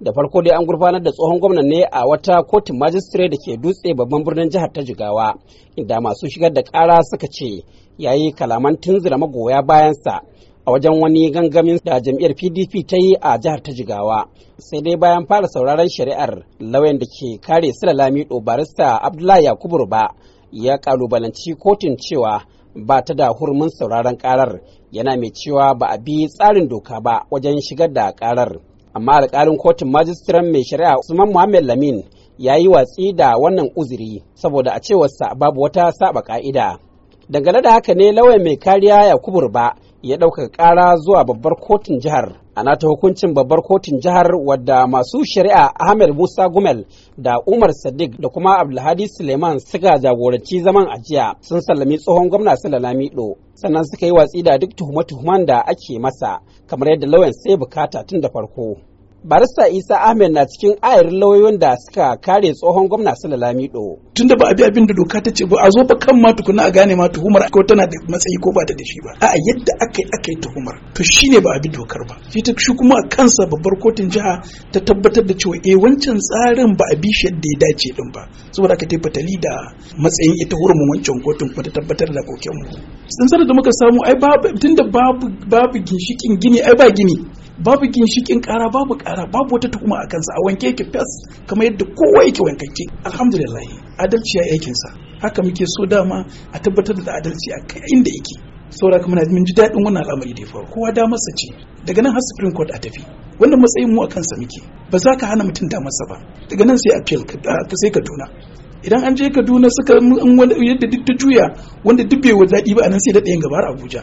da farko dai an gurfanar da tsohon gwamnan ne a wata kotun majistire da ke dutse babban birnin jihar ta jigawa inda masu shigar da kara suka ce ya yi kalaman tunzura magoya bayansa a wajen wani gangamin da jam'iyyar pdp ta yi a jihar ta jigawa sai dai bayan fara sauraron shari'ar lauyan da ke kare silalami lamido barista abdullahi yakubu ba, ya kalubalanci kotun cewa ba ta da hurumin sauraron karar yana mai cewa ba a bi tsarin doka ba wajen shigar da karar amma alƙalin kotun majistiran mai shari'a usman muhammad lamin ya yi watsi da wannan uzuri saboda a cewarsa babu wata saba ka'ida dangane da haka ne lauyan mai kariya yakubu ba ya ɗaukaka ƙara zuwa babbar kotun jihar ana ta hukuncin babbar kotun jihar wadda masu shari'a ahmed musa gumel da umar sadiq da kuma abdulhadi suleiman suka jagoranci zaman ajiya sun sallami tsohon gwamna sula sannan suka yi watsi da duk tuhume-tuhumen da ake masa kamar yadda lauyan sai bukata tun da farko barista isa ahmed na cikin ayar lauyoyin da suka kare tsohon gwamna sula lamido tunda ba a bi abin da doka ta ce ba a zo ba kan ma tukuna a gane ma tuhumar ko tana da matsayi ko ba ta da shi ba a yadda aka yi aka yi tuhumar to shine ba a bi dokar ba shi ta shi kuma kansa babbar kotun jiha ta tabbatar da cewa eh wancan tsarin ba a bi shi yadda ya dace din ba saboda aka tafi tali da matsayin ita hurumin wancan kotun kuma ta tabbatar da kokenmu tsantsar da muka samu ai babu tunda babu babu ginshikin gini ai ba gini babu ginshikin kara babu kara babu wata tukuma a kansa a wanke yake fes kamar yadda kowa yake wankanke alhamdulillah adalci ya aikin sa haka muke so dama a tabbatar da adalci a kai inda yake saura kuma na mun ji daɗin wannan al'amari da faru kowa da masa ce daga nan har supreme court a tafi wannan matsayin mu a kansa muke ba za ka hana mutum damarsa ba daga nan sai appeal sai kaduna idan an je kaduna suka yadda duk ta juya wanda duk bai daɗi ba a nan sai da ɗayan gabar abuja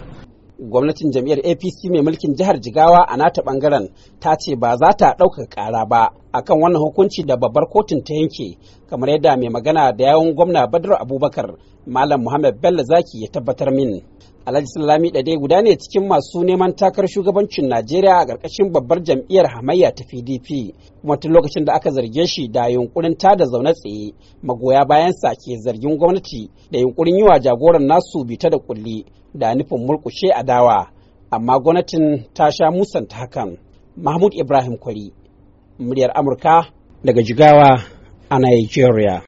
gwamnatin jam'iyyar apc mai mulkin jihar jigawa a nata bangaren ta ce ba za ta ɗaukaka ƙara ba akan wannan hukunci da babbar kotun ta yanke kamar yadda mai magana da yawon gwamna badar abubakar malam muhammad bello zaki ya tabbatar min alhaji da dai guda ne cikin masu neman takar shugabancin najeriya a ƙarƙashin babbar jam'iyyar hamayya ta pdp kuma tun lokacin da aka zarge shi da yunkurin ta da zaune tsaye magoya bayansa ke zargin gwamnati da yunkurin yi wa jagoran nasu bita da kulli da nufin murkushe dawa amma gwamnatin ta sha musanta hakan mahmud ibrahim kwari muryar amurka daga jigawa a nigeria